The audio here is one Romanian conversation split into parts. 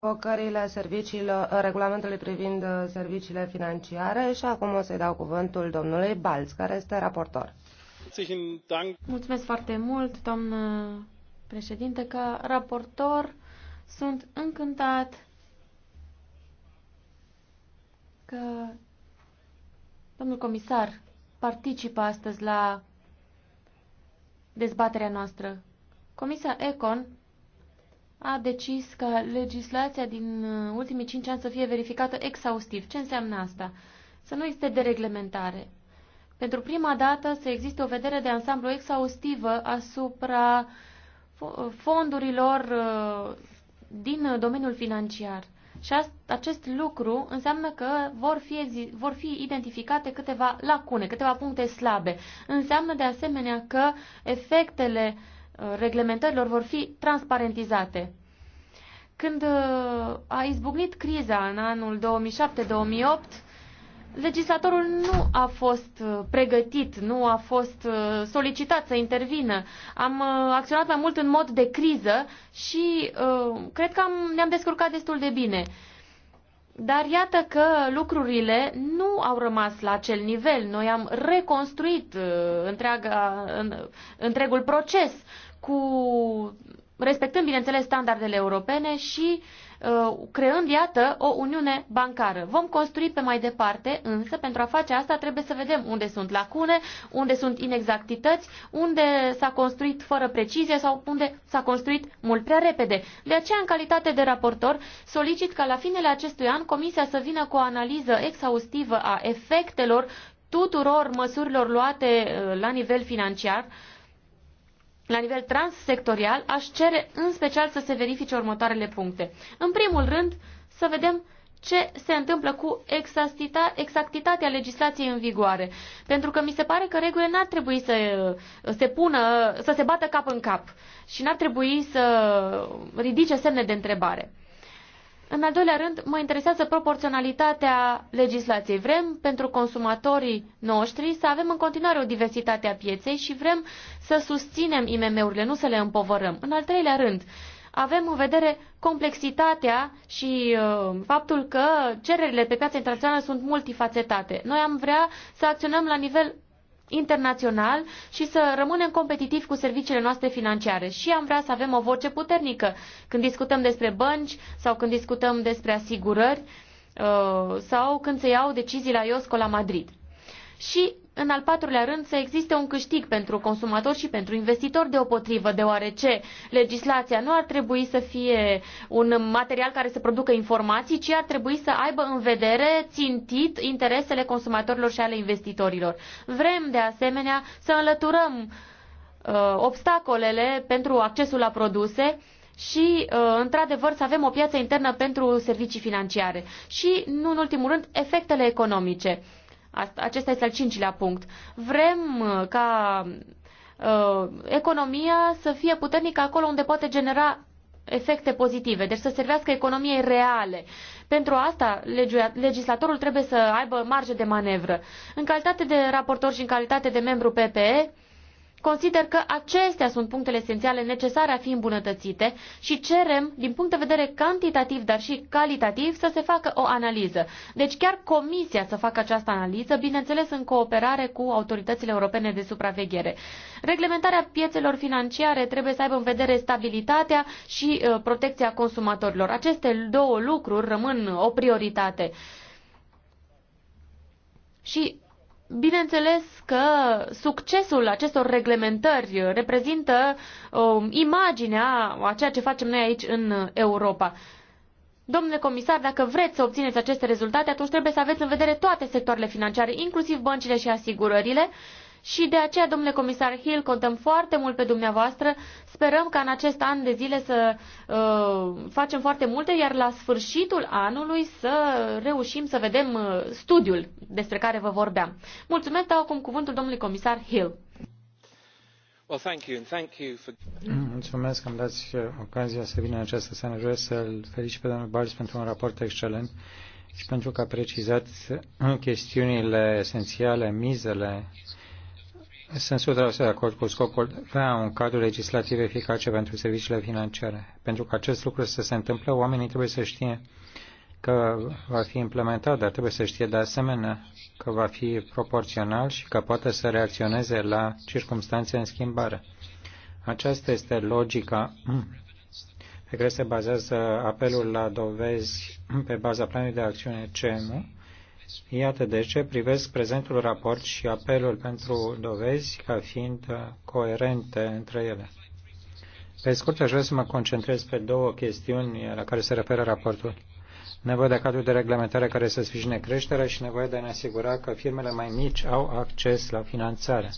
Provocările serviciilor, uh, regulamentului privind uh, serviciile financiare și acum o să-i dau cuvântul domnului Balz, care este raportor. Mulțumesc foarte mult, doamnă președinte, ca raportor sunt încântat că domnul comisar participă astăzi la dezbaterea noastră. Comisia Econ a decis ca legislația din uh, ultimii cinci ani să fie verificată exhaustiv. Ce înseamnă asta? Să nu existe dereglementare. Pentru prima dată să existe o vedere de ansamblu exhaustivă asupra uh, fondurilor uh, din domeniul financiar. Și acest lucru înseamnă că vor fi, vor fi identificate câteva lacune, câteva puncte slabe. Înseamnă de asemenea că efectele uh, reglementărilor vor fi transparentizate. Când uh, a izbucnit criza în anul 2007-2008, legislatorul nu a fost uh, pregătit, nu a fost uh, solicitat să intervină. Am acționat mai mult în mod de criză și cred că am, ne-am descurcat destul de bine. Dar iată că lucrurile nu au rămas la acel nivel. Noi am reconstruit uh, întreaga, întregul proces cu respectând, bineînțeles, standardele europene și uh, Uh, creând, iată, o uniune bancară. Vom construi pe mai departe, însă, pentru a face asta, trebuie să vedem unde sunt lacune, unde sunt inexactități, unde s-a construit fără precizie sau unde s-a construit mult prea repede. De aceea, în calitate de raportor, solicit ca la finele acestui an Comisia să vină cu o analiză exhaustivă a efectelor tuturor măsurilor luate uh, la nivel financiar, la nivel transsectorial, aș cere în special să se verifice următoarele puncte. În primul rând, să vedem ce se întâmplă cu exactitatea legislației în vigoare. Pentru că mi se pare că regulile n-ar trebui să se pună, să se bată cap în cap și n-ar trebui să ridice semne de întrebare. În al doilea rând, mă interesează proporționalitatea legislației. Vrem pentru consumatorii noștri să avem în continuare o diversitate a pieței și vrem să susținem IMM-urile, nu să le împovărăm. În al treilea rând, avem în vedere complexitatea și uh, faptul că cererile pe piața internațională sunt multifacetate. Noi am vrea să acționăm la nivel internațional și să rămânem competitivi cu serviciile noastre financiare. Și am vrea să avem o voce puternică când discutăm despre bănci sau când discutăm despre asigurări uh, sau când se iau decizii la IOSCO la Madrid. Și în al patrulea rând, să existe un câștig pentru consumator și pentru investitor deopotrivă, deoarece legislația nu ar trebui să fie un material care să producă informații, ci ar trebui să aibă în vedere țintit interesele consumatorilor și ale investitorilor. Vrem, de asemenea, să înlăturăm uh, obstacolele pentru accesul la produse, și, uh, într-adevăr, să avem o piață internă pentru servicii financiare. Și, nu în ultimul rând, efectele economice acesta este al cincilea punct. Vrem uh, ca uh, economia să fie puternică acolo unde poate genera efecte pozitive, deci să servească economiei reale. Pentru asta, legislatorul trebuie să aibă marge de manevră. În calitate de raportor și în calitate de membru PPE, Consider că acestea sunt punctele esențiale necesare a fi îmbunătățite și cerem, din punct de vedere cantitativ, dar și calitativ, să se facă o analiză. Deci chiar Comisia să facă această analiză, bineînțeles în cooperare cu autoritățile europene de supraveghere. Reglementarea piețelor financiare trebuie să aibă în vedere stabilitatea și uh, protecția consumatorilor. Aceste două lucruri rămân o prioritate. Și Bineînțeles că succesul acestor reglementări reprezintă uh, imaginea a ceea ce facem noi aici în Europa. Domnule comisar, dacă vreți să obțineți aceste rezultate, atunci trebuie să aveți în vedere toate sectoarele financiare, inclusiv băncile și asigurările, uh, și de aceea, domnule comisar Hill, contăm foarte mult pe dumneavoastră. Sperăm ca în acest an de zile să uh, facem foarte multe, iar la sfârșitul anului să reușim să vedem uh, studiul despre care vă vorbeam. Mulțumesc, dau acum cuvântul domnului comisar Hill. Well, thank you, and thank you for... Mulțumesc că îmi dați uh, ocazia să vin în această seară. Vreau să-l felicit pe domnul Bals pentru un raport excelent și pentru că a precizat uh, chestiunile esențiale, mizele sunt 100% de acord cu scopul de a un cadru legislativ eficace pentru serviciile financiare. Pentru că acest lucru să se întâmple, oamenii trebuie să știe că va fi implementat, dar trebuie să știe de asemenea că va fi proporțional și că poate să reacționeze la circumstanțe în schimbare. Aceasta este logica pe care se bazează apelul la dovezi pe baza planului de acțiune CEMU Iată de ce privesc prezentul raport și apelul pentru dovezi ca fiind uh, coerente între ele. Pe scurt, aș vrea să mă concentrez pe două chestiuni la care se referă raportul. Nevoie de cadru de reglementare care să sprijine creșterea și nevoie de a ne asigura că firmele mai mici au acces la finanțare.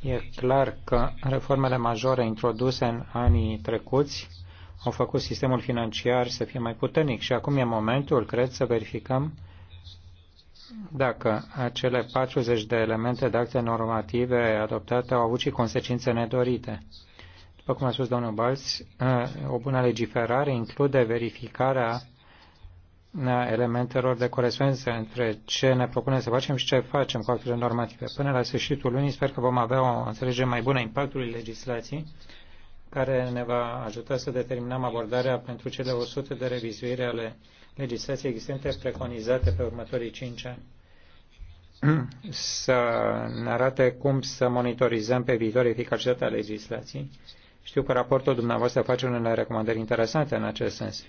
E clar că reformele majore introduse în anii trecuți au făcut sistemul financiar să fie mai puternic și acum e momentul, cred, să verificăm dacă acele 40 de elemente de acte normative adoptate au avut și consecințe nedorite. După cum a spus domnul Balți, ă, o bună legiferare include verificarea ă, elementelor de corespondență între ce ne propunem să facem și ce facem cu actele normative. Până la sfârșitul lunii sper că vom avea o înțelegere mai bună a impactului legislației care ne va ajuta să determinăm abordarea pentru cele 100 de revizuire ale legislației existente preconizate pe următorii 5 ani să ne arate cum să monitorizăm pe viitor eficacitatea legislației. Știu că raportul dumneavoastră face unele recomandări interesante în acest sens.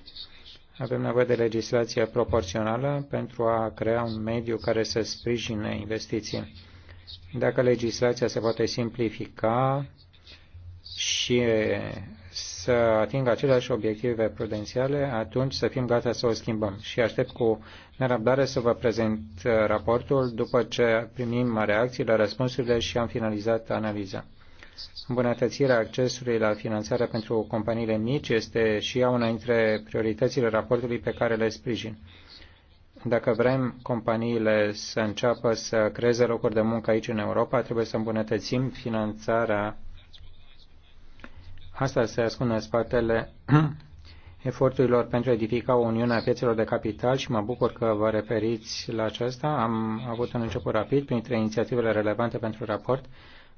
Avem nevoie de legislație proporțională pentru a crea un mediu care să sprijine investiții. Dacă legislația se poate simplifica, și să atingă aceleași obiective prudențiale, atunci să fim gata să o schimbăm. Și aștept cu nerăbdare să vă prezint uh, raportul după ce primim reacțiile, răspunsurile și am finalizat analiza. Îmbunătățirea accesului la finanțare pentru companiile mici este și ea una dintre prioritățile raportului pe care le sprijin. Dacă vrem companiile să înceapă să creeze locuri de muncă aici în Europa, trebuie să îmbunătățim finanțarea Asta se ascunde în spatele eforturilor pentru a edifica o uniune a piețelor de capital și mă bucur că vă referiți la aceasta. Am avut un început rapid printre inițiativele relevante pentru raport.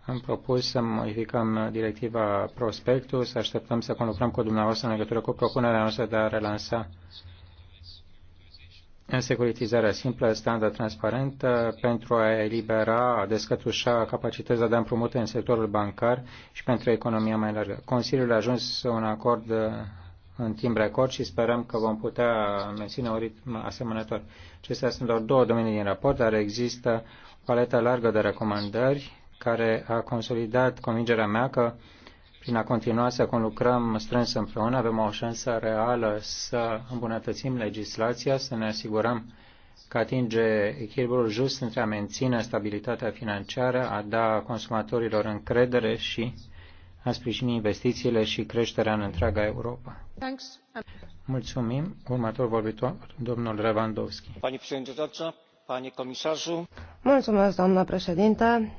Am propus să modificăm directiva prospectus, așteptăm să conlucrăm cu dumneavoastră în legătură cu propunerea noastră de a relansa în securitizarea simplă, standard transparent, pentru a elibera, a descătușa capacitatea de a da împrumuta în sectorul bancar și pentru economia mai largă. Consiliul a ajuns un acord uh, în timp record și sperăm că vom putea menține un ritm asemănător. Acestea sunt doar două domenii din raport, dar există o paletă largă de recomandări care a consolidat convingerea mea că prin a continua să conlucrăm strâns împreună, avem o șansă reală să îmbunătățim legislația, să ne asigurăm că atinge echilibrul just între a menține stabilitatea financiară, a da consumatorilor încredere și a sprijini investițiile și creșterea în întreaga Europa. Thanks. Mulțumim. Următorul vorbitor, domnul Revandowski. Pani președinte, pani Mulțumesc, doamna președinte.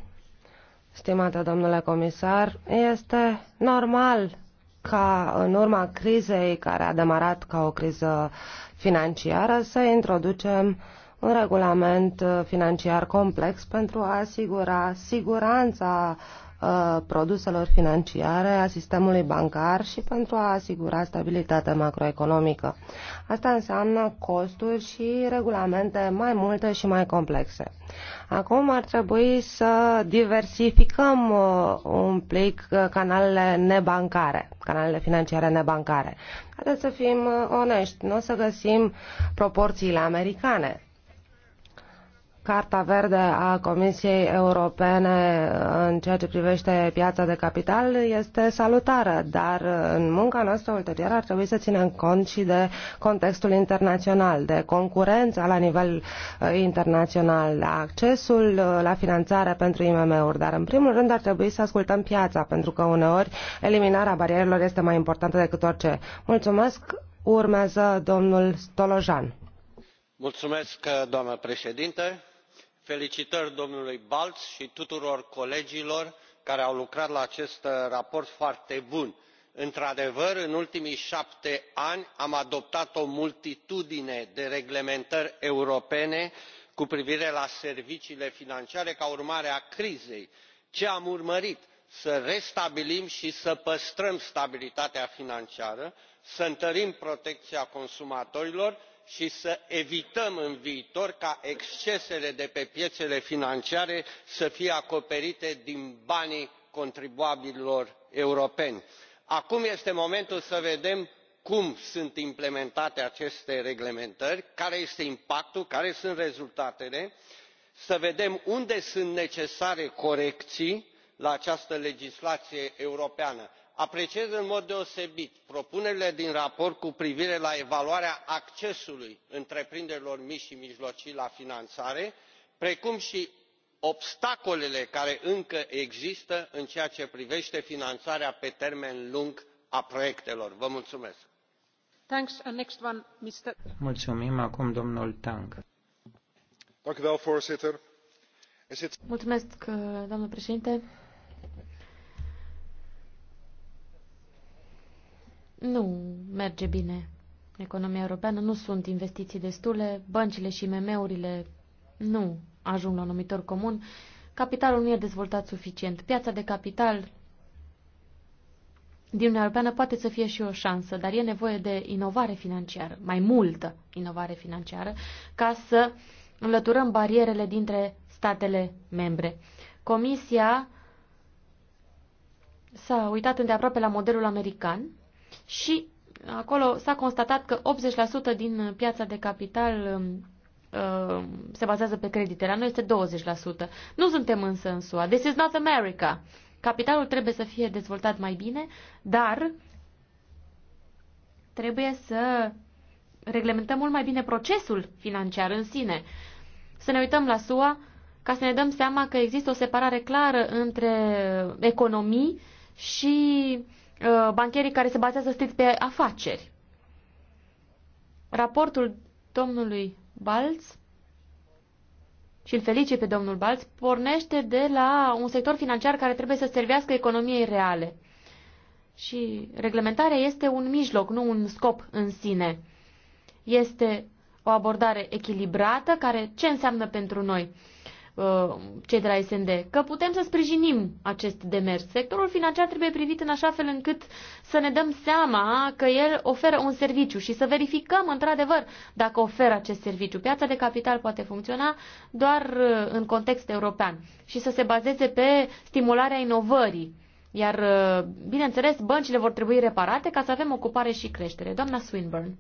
Stimată domnule comisar, este normal ca în urma crizei care a demarat ca o criză financiară să introducem un regulament financiar complex pentru a asigura siguranța Uh, produselor financiare, a sistemului bancar și pentru a asigura stabilitatea macroeconomică. Asta înseamnă costuri și regulamente mai multe și mai complexe. Acum ar trebui să diversificăm uh, un plic uh, canalele nebancare, canalele financiare nebancare. Haideți să fim onești, nu o să găsim proporțiile americane Carta Verde a Comisiei Europene în ceea ce privește piața de capital este salutară, dar în munca noastră ulterior ar trebui să ținem cont și de contextul internațional, de concurența la nivel uh, internațional, la accesul uh, la finanțare pentru IMM-uri, dar în primul rând ar trebui să ascultăm piața, pentru că uneori eliminarea barierelor este mai importantă decât orice. Mulțumesc! Urmează domnul Stolojan. Mulțumesc, doamnă președinte felicitări domnului balz și tuturor colegilor care au lucrat la acest uh, raport foarte bun. într adevăr în ultimii șapte ani am adoptat o multitudine de reglementări europene cu privire la serviciile financiare ca urmare a crizei. ce am urmărit? să restabilim și să păstrăm stabilitatea financiară să întărim protecția consumatorilor și să evităm în viitor ca excesele de pe piețele financiare să fie acoperite din banii contribuabililor europeni. acum este momentul să vedem cum sunt implementate aceste reglementări care este impactul care sunt rezultatele să vedem unde sunt necesare corecții la această legislație europeană apreciez în mod deosebit propunerile din raport cu privire la evaluarea accesului întreprinderilor mici și mijlocii la finanțare precum și obstacolele care încă există în ceea ce privește finanțarea pe termen lung a proiectelor. vă mulțumesc. Mulțumesc, domnule președinte Nu merge bine. Economia europeană nu sunt investiții destule, băncile și MM-urile nu ajung la un numitor comun, capitalul nu e dezvoltat suficient. Piața de capital din Uniunea Europeană poate să fie și o șansă, dar e nevoie de inovare financiară, mai multă inovare financiară, ca să înlăturăm barierele dintre statele membre. Comisia s-a uitat îndeaproape la modelul american și acolo s-a constatat că 80% din piața de capital um, uh, se bazează pe credite. La noi este 20%. Nu suntem însă în SUA. This is not America. Capitalul trebuie să fie dezvoltat mai bine, dar trebuie să reglementăm mult mai bine procesul financiar în sine. Să ne uităm la SUA ca să ne dăm seama că există o separare clară între economii și uh, Uh, bancherii care se bazează strict pe afaceri. Raportul domnului Balț și îl felice pe domnul Balț, pornește de la un sector financiar care trebuie să servească economiei reale. Și reglementarea este un mijloc, nu un scop în sine. Este o abordare echilibrată care ce înseamnă pentru noi? Uh, cei de la SND, că putem să sprijinim acest demers. Sectorul financiar trebuie privit în așa fel încât să ne dăm seama că el oferă un serviciu și să verificăm într-adevăr dacă oferă acest serviciu. Piața de capital poate funcționa doar uh, în context european și să se bazeze pe stimularea inovării iar, uh, bineînțeles, băncile vor trebui reparate ca să avem ocupare și creștere. Doamna Swinburne.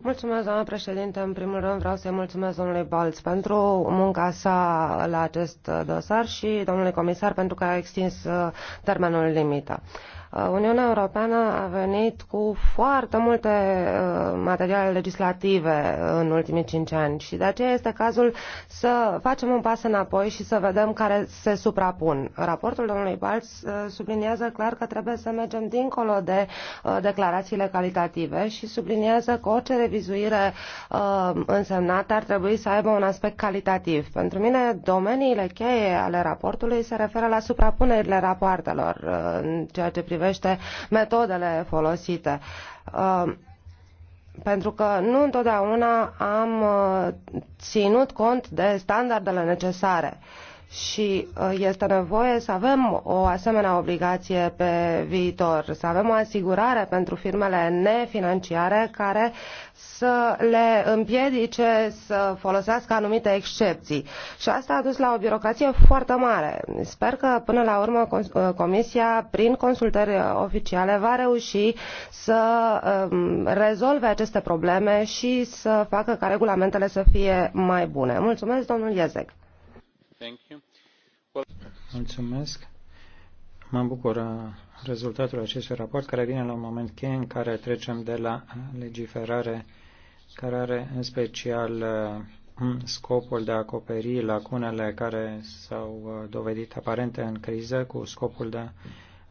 Mulțumesc, doamna președinte. În primul rând vreau să-i mulțumesc domnului Balț pentru munca sa la acest dosar și domnului comisar pentru că a extins uh, termenul limită. Uh, Uniunea Europeană a venit cu foarte multe uh, materiale legislative în ultimii cinci ani și de aceea este cazul să facem un pas înapoi și să vedem care se suprapun. Raportul domnului Balț uh, subliniază clar că trebuie să mergem dincolo de declarațiile calitative și subliniază că orice revizuire însemnată ar trebui să aibă un aspect calitativ. Pentru mine, domeniile cheie ale raportului se referă la suprapunerile rapoartelor în ceea ce privește privește metodele folosite. Uh, pentru că nu întotdeauna am uh, ținut cont de standardele necesare. Uh, și uh, este nevoie să avem o asemenea obligație pe viitor, să avem o asigurare pentru firmele nefinanciare care să le împiedice să folosească anumite excepții. Și asta a dus la o birocrație foarte mare. Sper că până la urmă uh, Comisia, prin consultări oficiale, va reuși să um, rezolve aceste probleme și să facă ca regulamentele să fie mai bune. Mulțumesc, domnul Iezec. Mulțumesc. Mă bucur rezultatul acestui raport care vine la un moment cheie în care trecem de la legiferare care are în special uh, scopul de a acoperi lacunele care s-au uh, dovedit aparente în criză cu scopul de a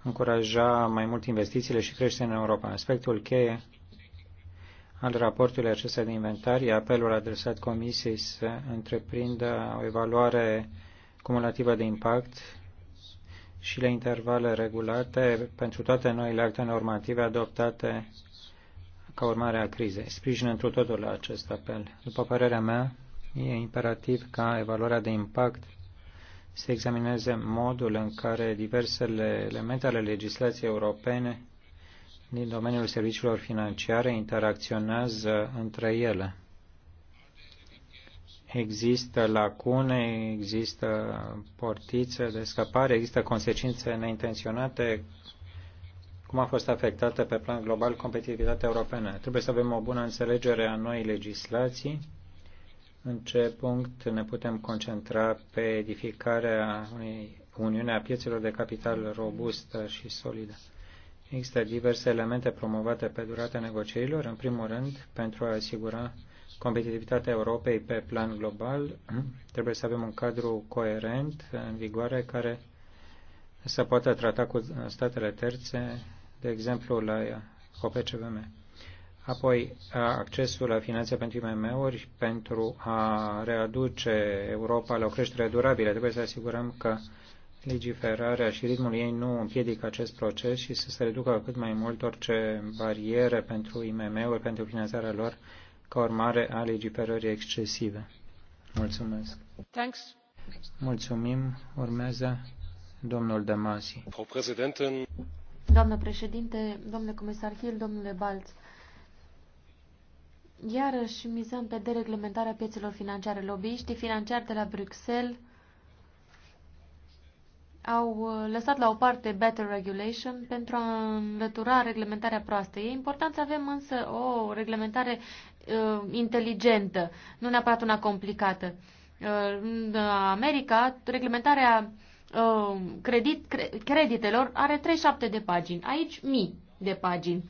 încuraja mai mult investițiile și creșterea în Europa. Aspectul cheie al raportului acesta de inventar, e apelul adresat Comisiei să întreprindă o evaluare cumulativă de impact și la intervale regulate pentru toate noile acte normative adoptate ca urmare a crizei. Sprijin întru totul la acest apel. După părerea mea, e imperativ ca evaluarea de impact să examineze modul în care diversele elemente ale legislației europene din domeniul serviciilor financiare interacționează între ele. Există lacune, există portițe de scăpare, există consecințe neintenționate cum a fost afectată pe plan global competitivitatea europeană. Trebuie să avem o bună înțelegere a noi legislații, în ce punct ne putem concentra pe edificarea unei Uniune a piețelor de capital robustă și solidă. Există diverse elemente promovate pe durata negocierilor, în primul rând, pentru a asigura competitivitatea Europei pe plan global, trebuie să avem un cadru coerent în vigoare care să poată trata cu statele terțe, de exemplu la OPCVM. Apoi, accesul la finanțe pentru IMM-uri pentru a readuce Europa la o creștere durabilă. Trebuie să asigurăm că Legiferarea și ritmul ei nu împiedică acest proces și să se reducă cât mai mult orice bariere pentru IMM-uri, pentru finanțarea lor, ca urmare a legiferării excesive. Mulțumesc. Thanks. Mulțumim. Urmează domnul Damasi. Doamnă președinte, domnule comisar Hill, domnule Balț, iarăși mizăm pe dereglementarea piețelor financiare. Lobbyiștii financiari de la Bruxelles au uh, lăsat la o parte better regulation pentru a înlătura reglementarea proastă. E important să avem însă o reglementare uh, inteligentă, nu neapărat una complicată. Uh, în America, reglementarea uh, credit, cre, creditelor are 37 de pagini, aici mii de pagini.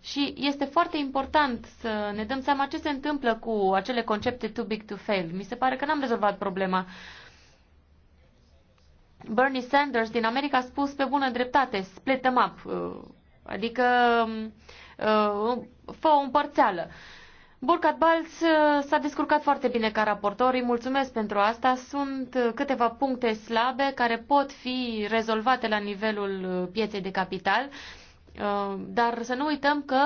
Și este foarte important să ne dăm seama ce se întâmplă cu acele concepte too big to fail. Mi se pare că n-am rezolvat problema. Uh, Bernie Sanders din America a spus pe bună dreptate, split them up, uh, adică um, uh, fă o împărțeală. Burkhard Balz uh, s-a descurcat foarte bine ca raportor, îi mulțumesc pentru asta. Sunt câteva puncte slabe care pot fi rezolvate la nivelul pieței de capital, dar să nu uităm că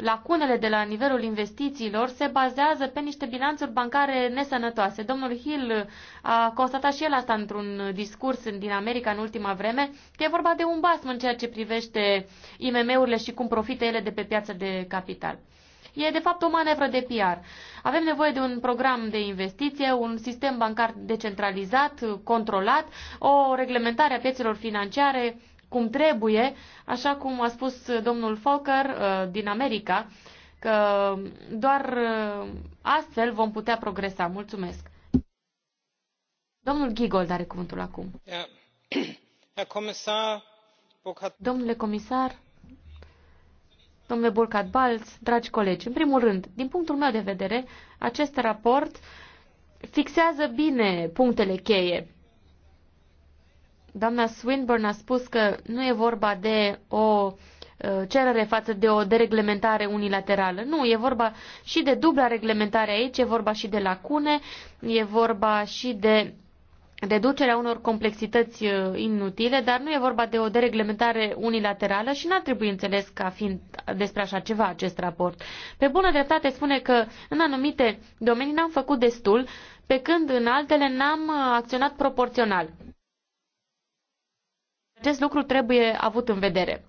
lacunele de la nivelul investițiilor se bazează pe niște bilanțuri bancare nesănătoase. Domnul Hill a constatat și el asta într-un discurs din America în ultima vreme, că e vorba de un basm în ceea ce privește IMM-urile și cum profită ele de pe piața de capital. E, de fapt, o manevră de PR. Avem nevoie de un program de investiție, un sistem bancar decentralizat, controlat, o reglementare a piețelor financiare cum trebuie, așa cum a spus domnul Falker uh, din America, că doar uh, astfel vom putea progresa. Mulțumesc. Domnul Gigold are cuvântul acum. Domnule comisar, domnule Burkhard Balz, dragi colegi, în primul rând, din punctul meu de vedere, acest raport fixează bine punctele cheie Doamna Swinburne a spus că nu e vorba de o uh, cerere față de o dereglementare unilaterală. Nu, e vorba și de dubla reglementare aici, e vorba și de lacune, e vorba și de reducerea unor complexități uh, inutile, dar nu e vorba de o dereglementare unilaterală și n-ar trebui înțeles ca fiind despre așa ceva acest raport. Pe bună dreptate spune că în anumite domenii n-am făcut destul, pe când în altele n-am uh, acționat proporțional. Acest lucru trebuie avut în vedere.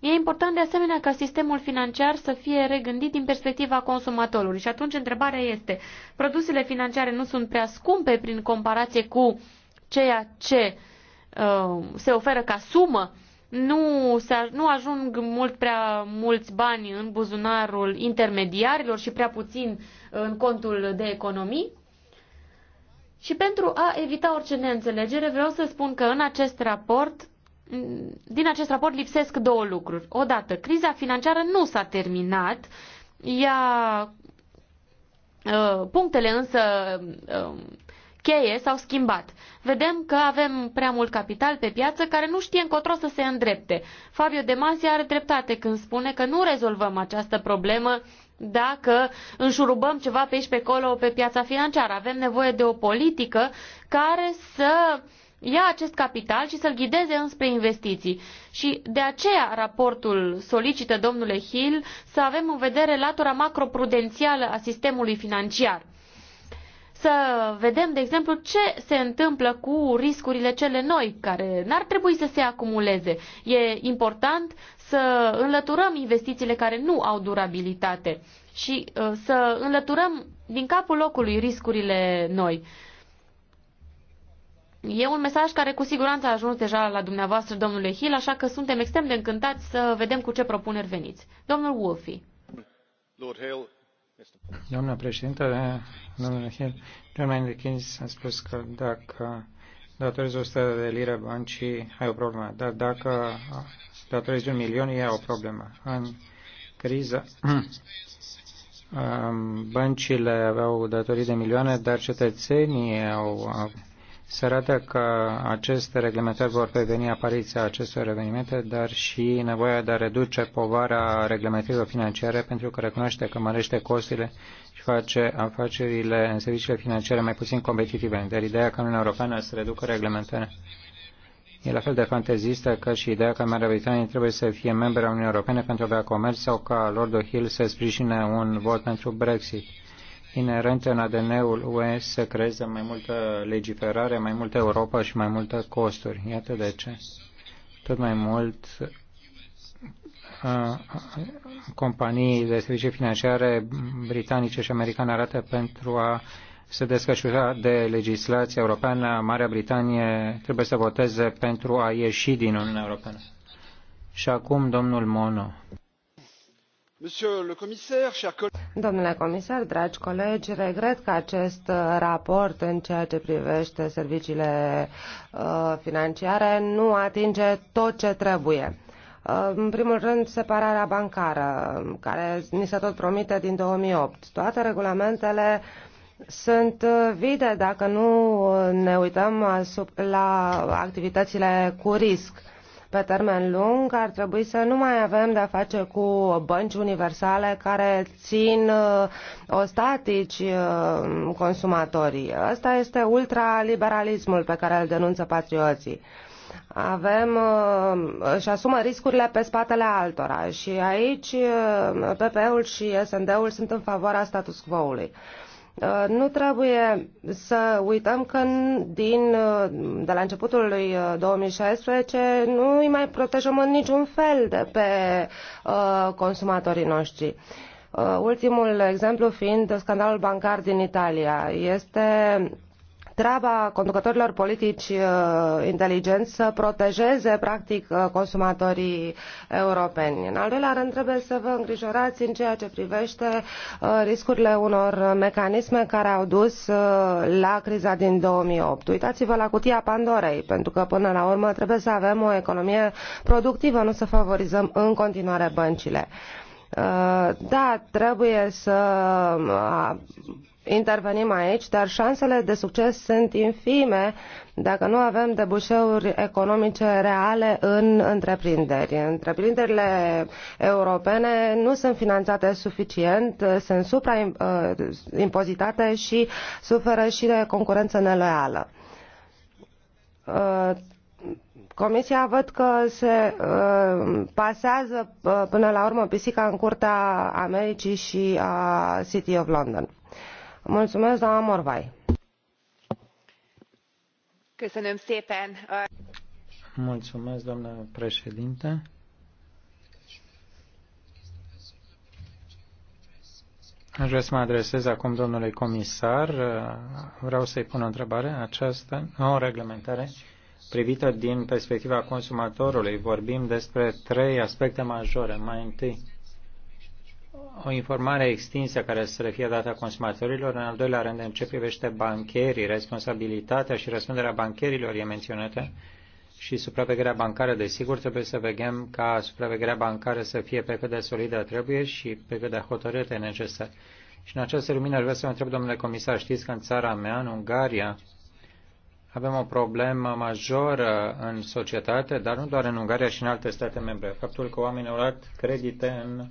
E important de asemenea ca sistemul financiar să fie regândit din perspectiva consumatorului și atunci întrebarea este, produsele financiare nu sunt prea scumpe prin comparație cu ceea ce uh, se oferă ca sumă? Nu, se, nu ajung mult prea mulți bani în buzunarul intermediarilor și prea puțin în contul de economii? Și pentru a evita orice neînțelegere, vreau să spun că în acest raport, din acest raport lipsesc două lucruri. Odată, criza financiară nu s-a terminat, ea, uh, punctele însă uh, cheie s-au schimbat. Vedem că avem prea mult capital pe piață care nu știe încotro să se îndrepte. Fabio De Masi are dreptate când spune că nu rezolvăm această problemă uh, dacă înșurubăm ceva pe aici pe acolo pe piața financiară. Avem nevoie de o politică care să ia acest capital și să-l ghideze înspre investiții. Și de aceea raportul solicită domnule Hill să avem în vedere latura macroprudențială a sistemului financiar. Să vedem, de exemplu, ce se întâmplă cu riscurile cele noi, care n-ar trebui să se acumuleze. E important să înlăturăm investițiile care nu au durabilitate și uh, să înlăturăm din capul locului riscurile noi. E un mesaj care cu siguranță a ajuns deja la dumneavoastră, domnule Hill, așa că suntem extrem de încântați să vedem cu ce propuneri veniți. Domnul Wolfie. Lord Hill, Doamna președintă, domnule Hill, domnul Enrichins a spus că dacă datorezi 100 de lire băncii, ai o problemă. Dar dacă Datorii de milion e o problemă. În criză, um, băncile aveau datorii de milioane, dar cetățenii au se arată că aceste reglementări vor preveni apariția acestor evenimente, dar și nevoia de a reduce povara reglementărilor financiare pentru că recunoaște că mărește costurile și face afacerile în serviciile financiare mai puțin competitive. Dar ideea că Uniunea Europeană să reducă reglementarea E la fel de fantezistă ca și ideea că Marea Britanie trebuie să fie membra Uniunii Europene pentru a avea comerț sau ca Lord O'Hill să sprijine un vot pentru Brexit. Inerent în ADN-ul UE să creeze mai multă legiferare, mai multă Europa și mai multe costuri. Iată de ce. Tot mai mult companii de servicii financiare britanice și americane arată pentru a se desfășura de legislația europeană, Marea Britanie trebuie să voteze pentru a ieși din Uniunea Europeană. Și acum domnul Mono. Domnule comisar, dragi colegi, regret că acest uh, raport în ceea ce privește serviciile uh, financiare nu atinge tot ce trebuie. Uh, în primul rând, separarea bancară, care ni se tot promite din 2008. Toate regulamentele uh, sunt uh, vide dacă nu uh, ne uităm la activitățile cu risc. Pe termen lung ar trebui să nu mai avem de-a face cu bănci universale care țin uh, ostatici consumatorii. Asta este ultraliberalismul pe care îl denunță patrioții avem, și asumă riscurile pe spatele altora și aici PP-ul și SND-ul sunt în favoarea status quo-ului. Uh, nu trebuie să uităm că din, uh, de la începutul lui 2016 uh, nu îi mai protejăm în niciun fel de pe consumatorii noștri. Ultimul exemplu fiind scandalul bancar din Italia. Este treaba conducătorilor politici uh, inteligenți să protejeze practic uh, consumatorii europeni. În al doilea rând trebuie să vă îngrijorați în ceea ce privește uh, riscurile unor mecanisme care au dus la criza din 2008. Uitați-vă la cutia Pandorei, pentru că până la urmă trebuie să avem o economie productivă, nu să favorizăm în continuare băncile. Da, trebuie să intervenim aici, dar șansele de succes sunt infime dacă nu avem debușeuri economice reale în întreprinderi. Întreprinderile europene nu sunt finanțate suficient, sunt supraimpozitate uh, și suferă și de concurență neloială. Uh, Comisia văd că se uh, pasează uh, până la urmă pisica în curtea Americii și a City of London. Mulțumesc, doamna Morvai. Mulțumesc, doamnă președinte. Aș vrea să mă adresez acum domnului comisar. Vreau să-i pun o întrebare. Această nouă reglementare privită din perspectiva consumatorului. Vorbim despre trei aspecte majore. Mai întâi, o informare extinsă care să le fie dată consumatorilor. În al doilea rând, în ce privește bancherii, responsabilitatea și răspunderea bancherilor e menționată și supravegherea bancară, desigur, trebuie să vegem ca supravegherea bancară să fie pe cât de solidă trebuie și pe cât de hotărâtă e necesar. Și în această lumină vreau să vă întreb, domnule comisar, știți că în țara mea, în Ungaria, avem o problemă majoră în societate, dar nu doar în Ungaria și în alte state membre. Faptul că oamenii au luat credite în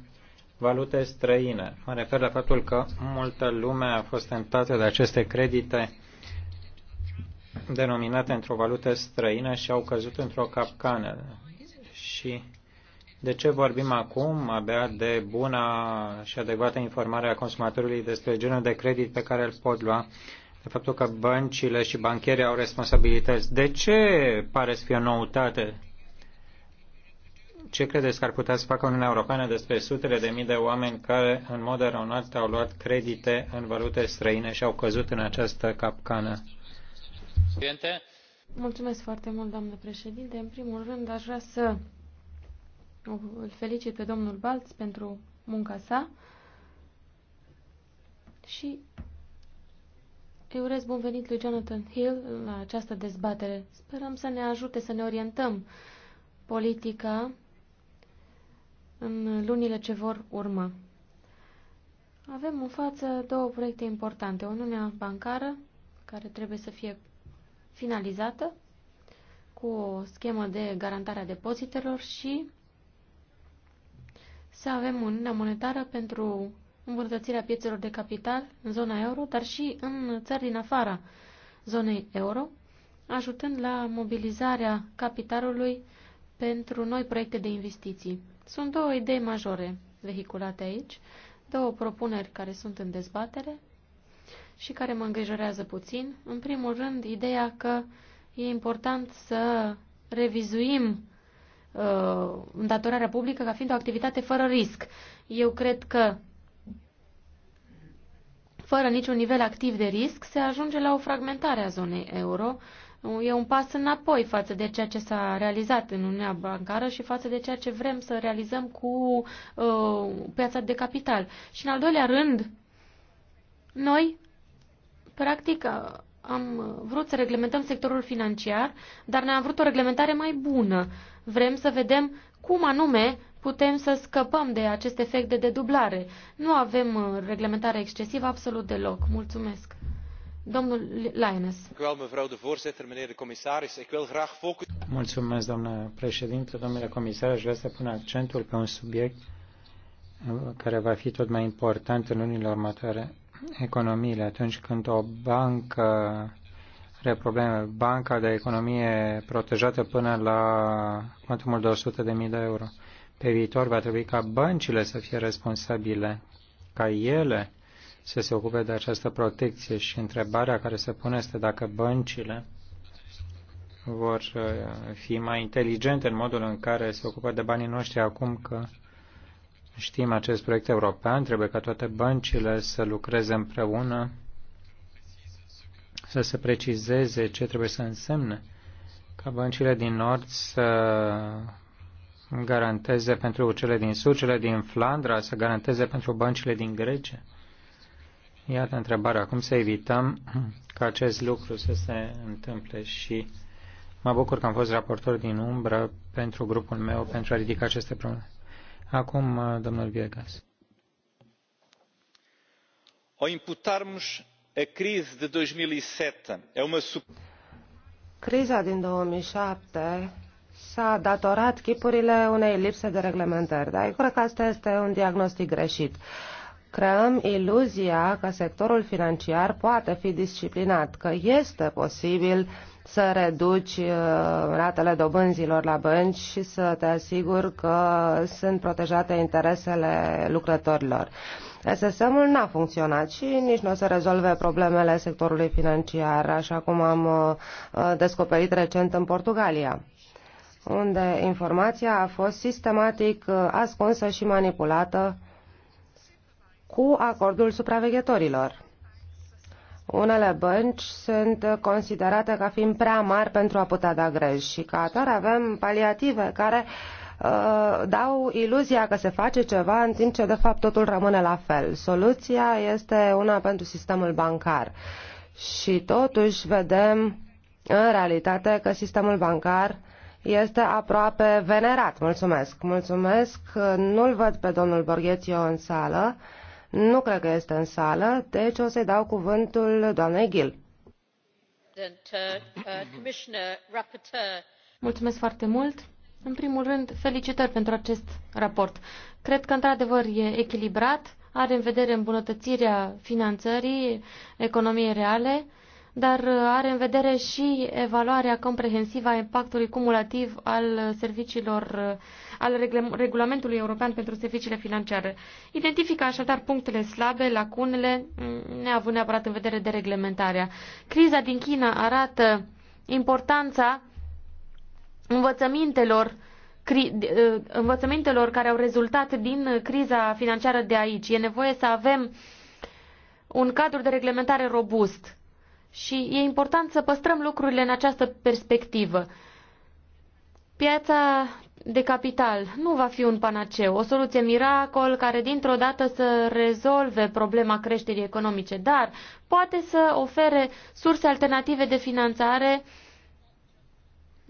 valute străine. Mă refer la faptul că multă lume a fost tentată de aceste credite denominate într-o valută străină și au căzut într-o capcană. Și de ce vorbim acum? Abia de bună și adecvată informare a consumatorului despre genul de credit pe care îl pot lua, de faptul că băncile și bancherii au responsabilități. De ce pare să fie o noutate ce credeți că ar putea să facă Uniunea Europeană despre sutele de mii de oameni care, în mod eronat, au luat credite în valute străine și au căzut în această capcană? Mulțumesc foarte mult, doamnă președinte. În primul rând, aș vrea să îl felicit pe domnul Balț pentru munca sa și îi urez bun venit lui Jonathan Hill la această dezbatere. Sperăm să ne ajute să ne orientăm politica în lunile ce vor urma. Avem în față două proiecte importante. Uniunea bancară, care trebuie să fie finalizată cu o schemă de garantare a depozitelor și să avem uniunea monetară pentru îmbunătățirea piețelor de capital în zona euro, dar și în țări din afara zonei euro, ajutând la mobilizarea capitalului pentru noi proiecte de investiții. Sunt două idei majore vehiculate aici, două propuneri care sunt în dezbatere și care mă îngrijorează puțin. În primul rând, ideea că e important să revizuim uh, îndatorarea publică ca fiind o activitate fără risc. Eu cred că fără niciun nivel activ de risc, se ajunge la o fragmentare a zonei euro, e un pas înapoi față de ceea ce s-a realizat în Uniunea Bancară și față de ceea ce vrem să realizăm cu uh, piața de capital. Și în al doilea rând, noi, practic, am vrut să reglementăm sectorul financiar, dar ne-am vrut o reglementare mai bună. Vrem să vedem cum anume putem să scăpăm de acest efect de dedublare. Nu avem uh, reglementare excesivă absolut deloc. Mulțumesc! Mulțumesc, doamnă președinte, domnule comisar. Aș vrea să pun accentul pe un subiect uh, care va fi tot mai important în lunile următoare, economiile. Atunci când o bancă are probleme, banca de economie protejată până la cuantumul de mii de euro. Pe viitor va trebui ca băncile să fie responsabile, ca ele să se ocupe de această protecție și întrebarea care se pune este dacă băncile vor uh, fi mai inteligente în modul în care se ocupă de banii noștri acum că știm acest proiect european, trebuie ca toate băncile să lucreze împreună, să se precizeze ce trebuie să însemne ca băncile din nord să garanteze pentru cele din sud, cele din Flandra, să garanteze pentru băncile din Grecia Iată întrebarea. Cum să evităm ca acest lucru să se întâmple și mă bucur că am fost raportor din umbră pentru grupul meu pentru a ridica aceste probleme. Acum, uh, domnul Viegas. O imputarmos a crise de 2007 é uma Criza din 2007 s-a datorat chipurile unei lipse de reglementări, dar eu cred că asta este un diagnostic greșit. Uh, creăm iluzia că sectorul financiar poate fi disciplinat, că este posibil să reduci uh, ratele dobânzilor la bănci și să te asiguri că sunt protejate interesele lucrătorilor. SSM-ul n-a funcționat și nici nu o să rezolve problemele sectorului financiar, așa cum am uh, uh, descoperit recent în Portugalia unde informația a fost sistematic ascunsă și manipulată cu acordul supraveghetorilor. Unele bănci sunt considerate ca fiind prea mari pentru a putea da greș și ca atare avem paliative care uh, dau iluzia că se face ceva în timp ce de fapt totul rămâne la fel. Soluția este una pentru sistemul bancar și totuși vedem în realitate că sistemul bancar este aproape venerat. Mulțumesc! Mulțumesc! Nu-l văd pe domnul Borghețiu în sală. Nu cred că este în sală, deci o să-i dau cuvântul doamnei Gil. Uh, uh, Mulțumesc foarte mult. În primul rând, felicitări pentru acest raport. Cred că, într-adevăr, e echilibrat, are în vedere îmbunătățirea finanțării economiei reale, dar uh, are în vedere și evaluarea comprehensivă a impactului cumulativ al serviciilor, uh, al regulamentului european pentru serviciile financiare. Identifică așadar punctele slabe, lacunele, mm, neavând neapărat în vedere de reglementarea. Criza din China arată importanța învățămintelor uh, învățămintelor care au rezultat din criza financiară de aici. E nevoie să avem un cadru de reglementare robust și e important să păstrăm lucrurile în această perspectivă. Piața de capital nu va fi un panaceu, o soluție miracol care dintr-o dată să rezolve problema creșterii economice, dar poate să ofere surse alternative de finanțare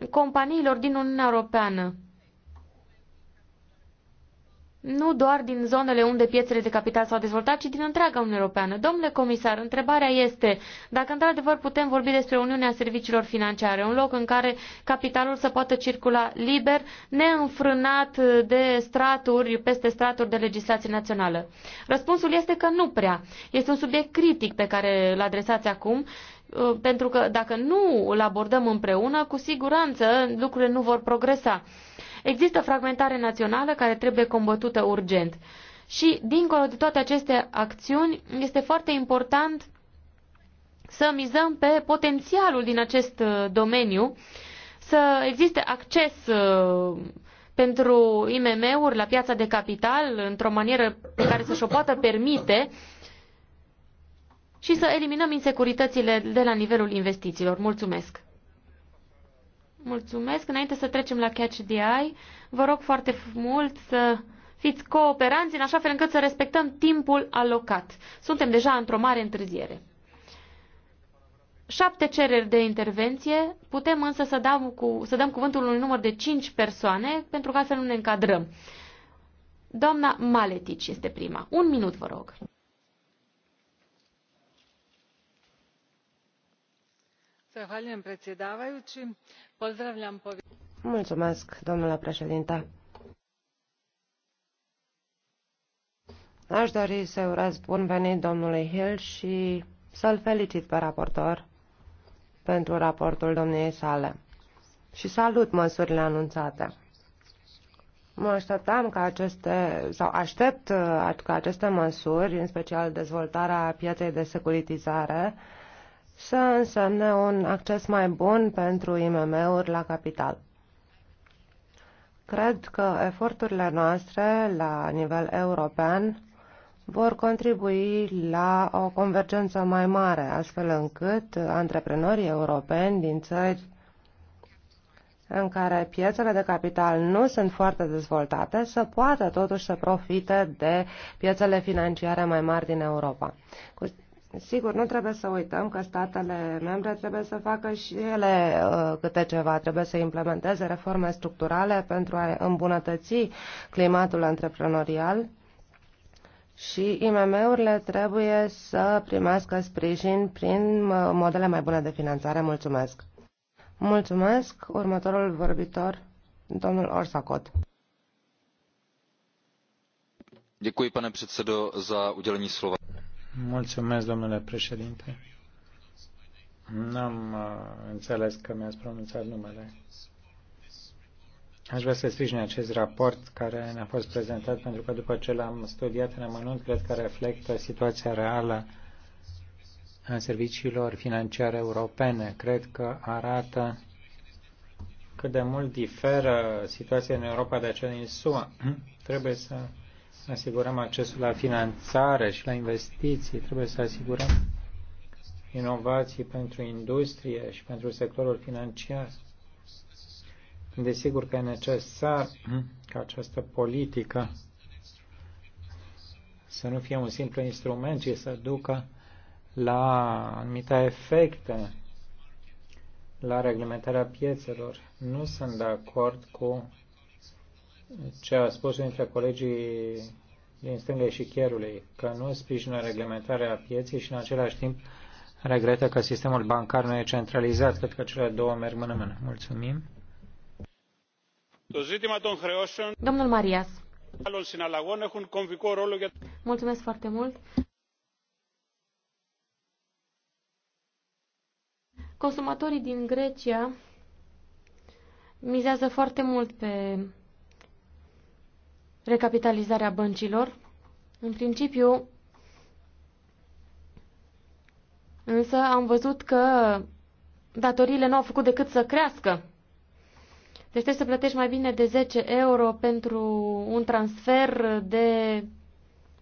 companiilor din Uniunea Europeană nu doar din zonele unde piețele de capital s-au dezvoltat, ci din întreaga Uniune Europeană. Domnule comisar, întrebarea este dacă într-adevăr putem vorbi despre Uniunea Serviciilor Financiare, un loc în care capitalul să poată circula liber, neînfrânat de straturi peste straturi de legislație națională. Răspunsul este că nu prea. Este un subiect critic pe care îl adresați acum pentru că dacă nu îl abordăm împreună, cu siguranță lucrurile nu vor progresa. Există fragmentare națională care trebuie combătută urgent. Și, dincolo de toate aceste acțiuni, este foarte important să mizăm pe potențialul din acest uh, domeniu, să existe acces uh, pentru IMM-uri la piața de capital într-o manieră pe care să-și o poată permite și să eliminăm insecuritățile de la nivelul investițiilor. Mulțumesc! Mulțumesc. Înainte să trecem la Catch the Eye, vă rog foarte mult să fiți cooperanți în așa fel încât să respectăm timpul alocat. Suntem deja într-o mare întârziere. Șapte cereri de intervenție, putem însă să dăm, cu, să dăm cuvântul unui număr de cinci persoane, pentru că să nu ne încadrăm. Doamna Maletici este prima. Un minut, vă rog. Mulțumesc, domnule președinte. Aș dori să urez bun venit domnului Hill și să îl felicit pe raportor pentru raportul domniei sale și salut măsurile anunțate. Mă așteptam ca aceste, sau aștept uh, ca aceste măsuri, în special dezvoltarea pieței de securitizare, să însemne un acces mai bun pentru IMM-uri la capital. Cred că eforturile noastre la nivel european vor contribui la o convergență mai mare, astfel încât antreprenorii europeni din țări în care piețele de capital nu sunt foarte dezvoltate, să poată totuși să profite de piețele financiare mai mari din Europa. Cu Sigur, nu trebuie să uităm că statele membre trebuie să facă și ele uh, câte ceva, trebuie să implementeze reforme structurale pentru a îmbunătăți climatul antreprenorial și IMM-urile trebuie să primească sprijin prin uh, modele mai bune de finanțare. Mulțumesc! Mulțumesc! Următorul vorbitor, domnul Orsacot pane předsedající za udělení slova. Mulțumesc, domnule președinte. N-am uh, înțeles că mi-ați pronunțat numele. Aș vrea să sprijin acest raport care ne-a fost prezentat, pentru că după ce l-am studiat în amănunt, cred că reflectă situația reală a serviciilor financiare europene. Cred că arată cât de mult diferă situația în Europa de aceea din SUA. Trebuie să asigurăm accesul la finanțare și la investiții, trebuie să asigurăm inovații pentru industrie și pentru sectorul financiar. Desigur că e necesar ca această politică să nu fie un simplu instrument, ci să ducă la anumite efecte la reglementarea piețelor. Nu sunt de acord cu ce a spus dintre colegii din stângă și chiarului, că nu sprijină reglementarea pieței și în același timp regretă că sistemul bancar nu e centralizat. Cred că cele două merg mână-mână. Mulțumim. Domnul Marias. Mulțumesc foarte mult. Consumatorii din Grecia mizează foarte mult pe recapitalizarea băncilor. În principiu, însă am văzut că datoriile nu au făcut decât să crească. Deci trebuie să plătești mai bine de 10 euro pentru un transfer de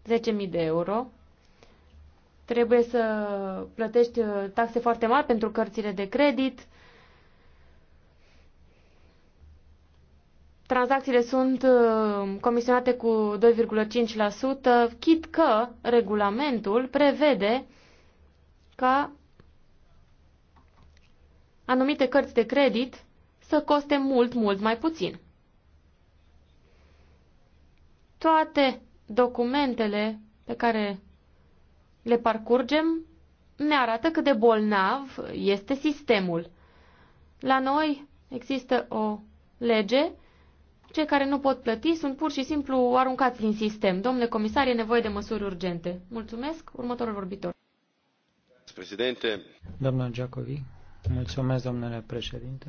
10.000 de euro. Trebuie să plătești uh, taxe foarte mari pentru cărțile de credit, tranzacțiile sunt uh, comisionate cu 2,5%, chit că regulamentul prevede ca anumite cărți de credit să coste mult, mult mai puțin. Toate documentele pe care le parcurgem ne arată cât de bolnav este sistemul. La noi există o lege cei care nu pot plăti sunt pur și simplu aruncați din sistem. Domnule comisar, e nevoie de măsuri urgente. Mulțumesc. Următorul vorbitor. Președinte. Doamna Giacovi, mulțumesc, domnule președinte.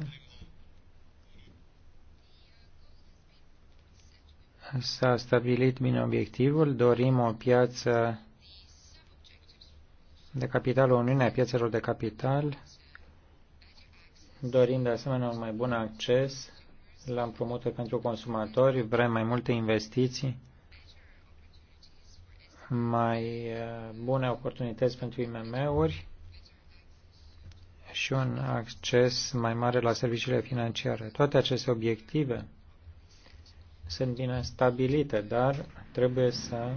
S-a stabilit bine obiectivul. Dorim o piață de capital, o uniune a piațelor de capital. Dorim, de asemenea, un mai bun acces la împrumuturi pentru consumatori, vrem mai multe investiții, mai uh, bune oportunități pentru IMM-uri și un acces mai mare la serviciile financiare. Toate aceste obiective sunt bine stabilite, dar trebuie să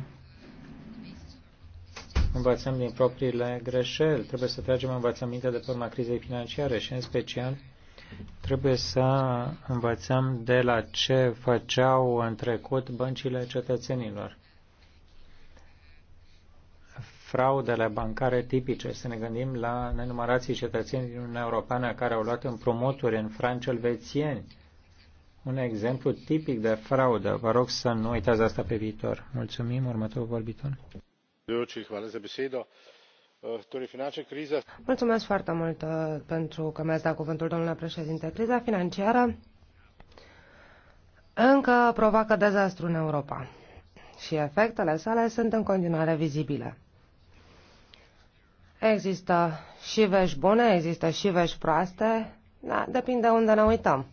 învățăm din propriile greșeli, trebuie să tragem învățăminte de pe urma crizei financiare și, în special, Trebuie să învățăm de la ce făceau în trecut băncile cetățenilor. Fraudele bancare tipice, să ne gândim la nenumărații cetățeni din Uniunea Europeană care au luat împrumuturi în franci elvețieni. Un exemplu tipic de fraudă. Vă rog să nu uitați asta pe viitor. Mulțumim. Următorul vorbitor. Hvala Mulțumesc foarte mult uh, pentru că mi-ați dat cuvântul, domnule președinte. Criza financiară încă provoacă dezastru în Europa și efectele sale sunt în continuare vizibile. Există și vești bune, există și vești proaste, da, depinde unde ne uităm.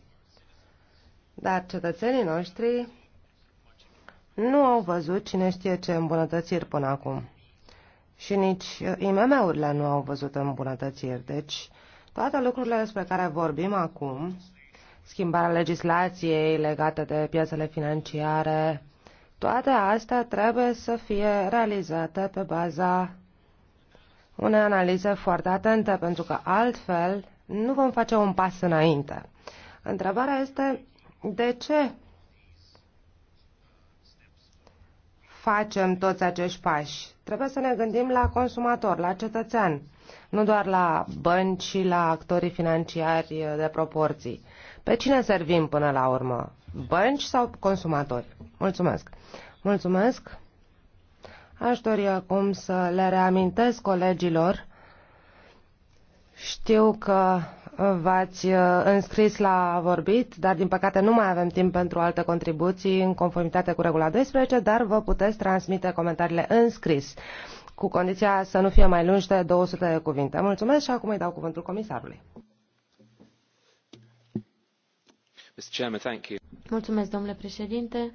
Dar cetățenii noștri nu au văzut cine știe ce îmbunătățiri până acum și nici uh, IMM-urile nu au văzut îmbunătățiri. Deci, toate lucrurile despre care vorbim acum, schimbarea legislației legate de piațele financiare, toate astea trebuie să fie realizate pe baza unei analize foarte atente, pentru că altfel nu vom face un pas înainte. Întrebarea este de ce facem toți acești pași? Trebuie să ne gândim la consumator, la cetățean, nu doar la bănci și la actorii financiari de proporții. Pe cine servim până la urmă? Bănci sau consumatori? Mulțumesc! Mulțumesc! Aș dori acum să le reamintesc colegilor. Știu că v-ați uh, înscris la vorbit, dar din păcate nu mai avem timp pentru alte contribuții în conformitate cu regula 12, dar vă puteți transmite comentariile înscris, cu condiția să nu fie mai lungi de 200 de cuvinte. Mulțumesc și acum îi dau cuvântul comisarului. Mulțumesc, domnule președinte.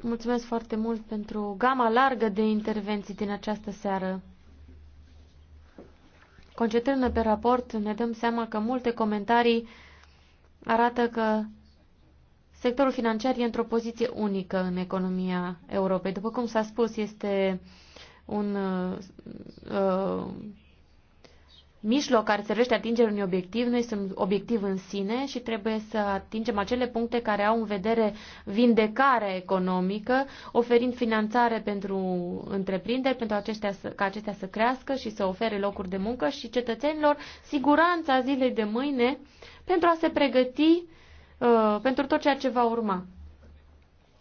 Mulțumesc foarte mult pentru gama largă de intervenții din această seară. Concentrându-ne pe raport, ne dăm seama că multe comentarii arată că sectorul financiar e într-o poziție unică în economia Europei. După cum s-a spus, este un uh, mijloc care servește atingerea unui obiectiv, noi sunt obiectiv în sine și trebuie să atingem acele puncte care au în vedere vindecarea economică, oferind finanțare pentru întreprinderi, pentru acestea să, ca acestea să crească și să ofere locuri de muncă și cetățenilor siguranța zilei de mâine pentru a se pregăti uh, pentru tot ceea ce va urma.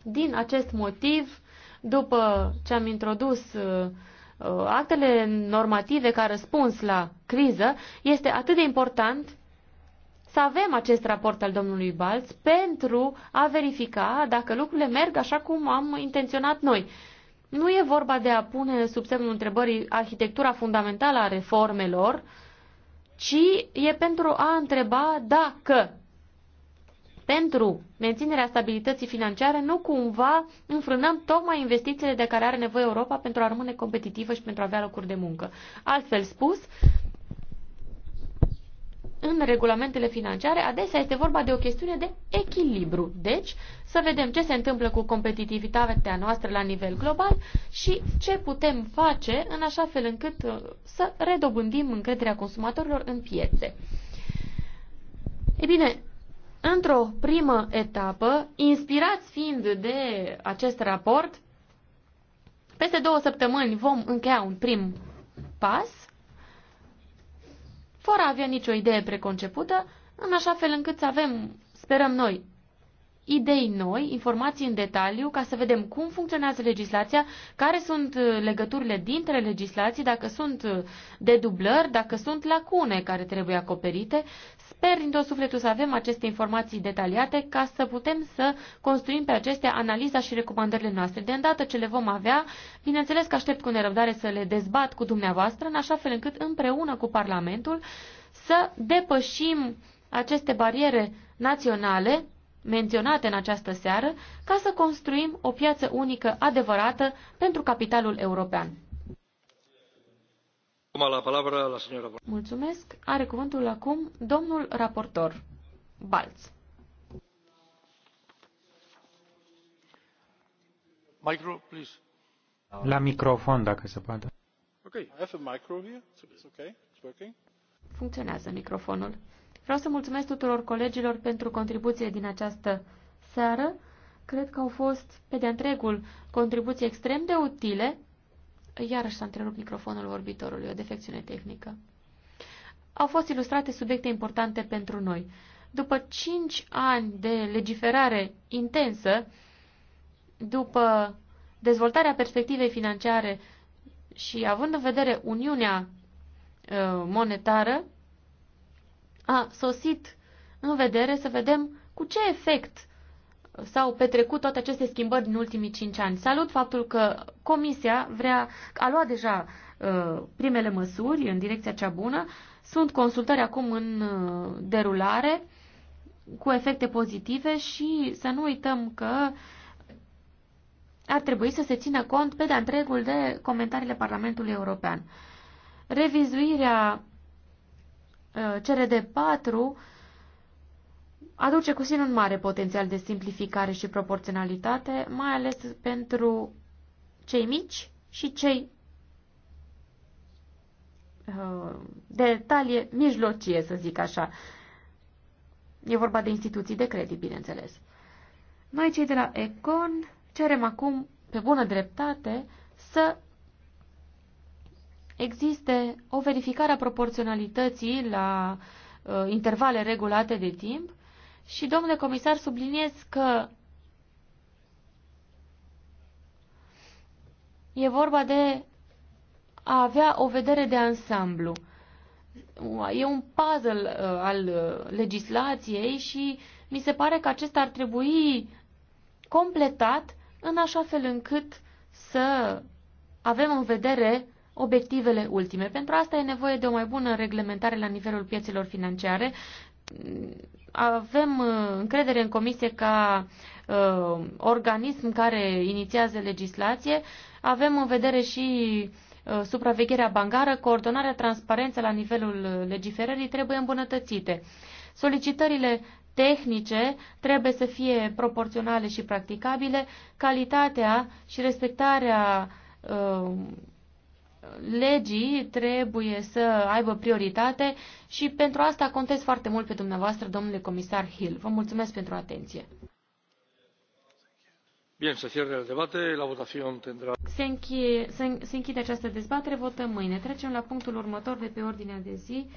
Din acest motiv, după ce am introdus uh, Uh, actele normative ca răspuns la criză, este atât de important să avem acest raport al domnului Balț pentru a verifica dacă lucrurile merg așa cum am intenționat noi. Nu e vorba de a pune sub semnul întrebării arhitectura fundamentală a reformelor, ci e pentru a întreba dacă pentru menținerea stabilității financiare nu cumva înfrânăm tocmai investițiile de care are nevoie Europa pentru a rămâne competitivă și pentru a avea locuri de muncă. Altfel spus, în regulamentele financiare, adesea este vorba de o chestiune de echilibru. Deci, să vedem ce se întâmplă cu competitivitatea noastră la nivel global și ce putem face în așa fel încât uh, să redobândim încrederea consumatorilor în piețe. Ei bine, Într-o primă etapă, inspirați fiind de acest raport, peste două săptămâni vom încheia un prim pas, fără a avea nicio idee preconcepută, în așa fel încât să avem, sperăm noi, idei noi, informații în detaliu, ca să vedem cum funcționează legislația, care sunt uh, legăturile dintre legislații, dacă sunt uh, dedublări, dacă sunt lacune care trebuie acoperite Sper din tot sufletul să avem aceste informații detaliate ca să putem să construim pe acestea analiza și recomandările noastre. De îndată ce le vom avea, bineînțeles că aștept cu nerăbdare să le dezbat cu dumneavoastră, în așa fel încât împreună cu Parlamentul să depășim aceste bariere naționale menționate în această seară ca să construim o piață unică adevărată pentru capitalul european. Mulțumesc. Are cuvântul acum domnul raportor Balț. Micro, please. La microfon, dacă se poate. Okay, I have a micro here. It's okay. It's working. Funcționează microfonul. Vreau să mulțumesc tuturor colegilor pentru contribuție din această seară. Cred că au fost, pe de întregul, contribuții extrem de utile Iarăși s-a întrerupt microfonul vorbitorului, o defecțiune tehnică. Au fost ilustrate subiecte importante pentru noi. După cinci ani de legiferare intensă, după dezvoltarea perspectivei financiare și având în vedere Uniunea uh, monetară, a sosit în vedere să vedem cu ce efect s-au petrecut toate aceste schimbări din ultimii cinci ani. Salut faptul că Comisia vrea, a luat deja uh, primele măsuri în direcția cea bună. Sunt consultări acum în uh, derulare cu efecte pozitive și să nu uităm că ar trebui să se țină cont pe de-a întregul de comentariile Parlamentului European. Revizuirea uh, CRD 4 aduce cu sine un mare potențial de simplificare și proporționalitate, mai ales pentru cei mici și cei uh, de talie mijlocie, să zic așa. E vorba de instituții de credit, bineînțeles. Noi, cei de la Econ, cerem acum, pe bună dreptate, să existe o verificare a proporționalității la uh, intervale regulate de timp și, domnule comisar, subliniez că e vorba de a avea o vedere de ansamblu. E un puzzle uh, al uh, legislației și mi se pare că acesta ar trebui completat în așa fel încât să avem în vedere obiectivele ultime. Pentru asta e nevoie de o mai bună reglementare la nivelul piețelor financiare, avem uh, încredere în comisie ca uh, organism care inițiază legislație, avem în vedere și uh, supravegherea bancară, coordonarea, transparența la nivelul legiferării trebuie îmbunătățite. Solicitările tehnice trebuie să fie proporționale și practicabile, calitatea și respectarea uh, legii trebuie să aibă prioritate și pentru asta contez foarte mult pe dumneavoastră, domnule comisar Hill. Vă mulțumesc pentru atenție. Bien, se cierre el debate, la votación tendrá... Se, închide, se, se închide această dezbatere, votăm mâine. Trecem la punctul următor de pe ordinea de zi.